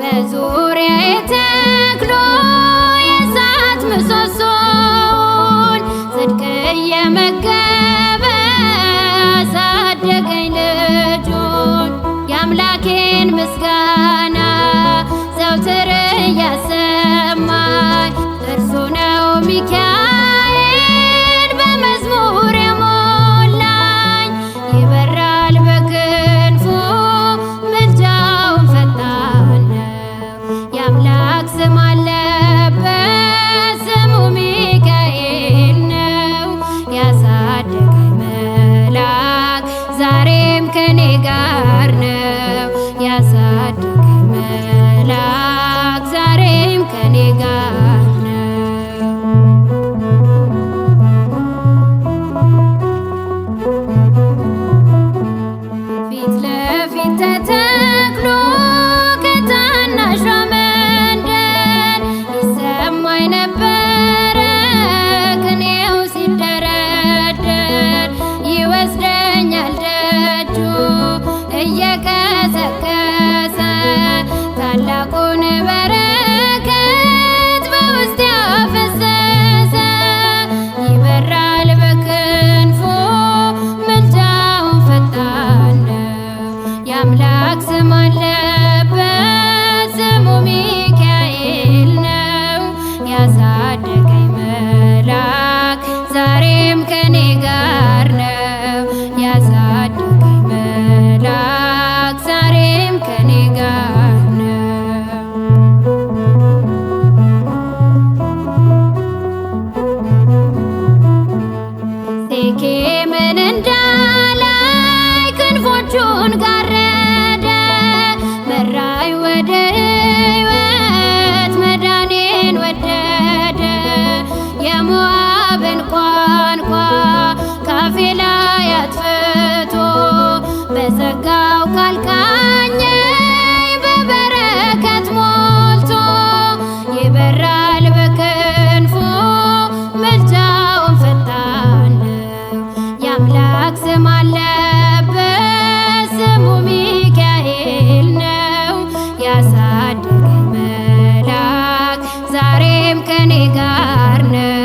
በዙሪያ የተክሎ የእሳት ምሰሶን ጽድቅ እየመገ malzeme ገሰገሰ ታላቁን በረከት በውስጥ ያፈሰሰ ይበራል በክንፎ ምልጃው ፈጣን ነው የአምላክ ስም አለበት ስሙ ሚካኤል ነው ያሳደገኝ መላክ ዛሬም ከኔ ጋር እንኳ ካፌ ላይ አጥፍቶ በዘጋው ካልቃኝ በበረከት ሞልቶ ይበራል በክንፎ መልጃውን ፈጣን ነው። የአምላክ ስም አለበት ስሙ ሚካኤል ነው። ያሳደገኝ መልአክ ዛሬም ከኔ ጋር ነው።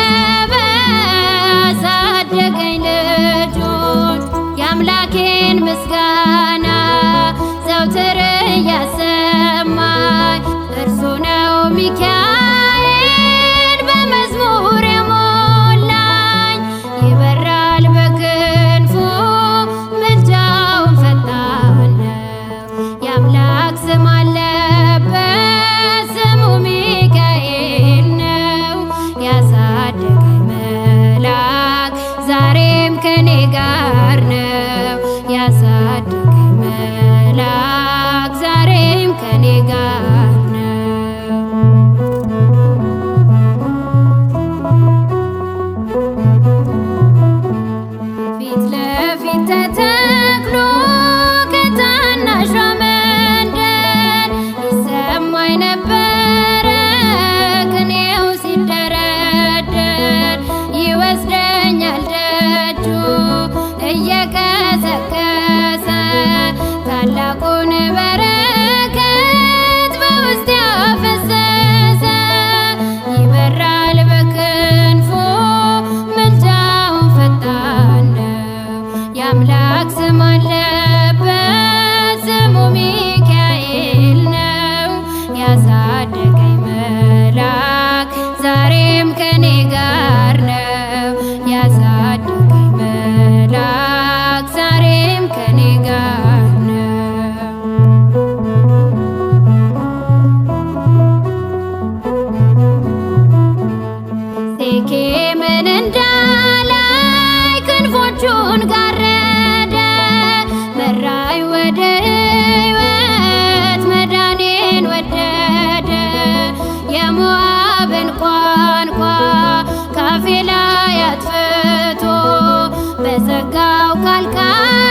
step አብን ቋንቋ ካፌ ላይ አጥፍቶ በዘጋው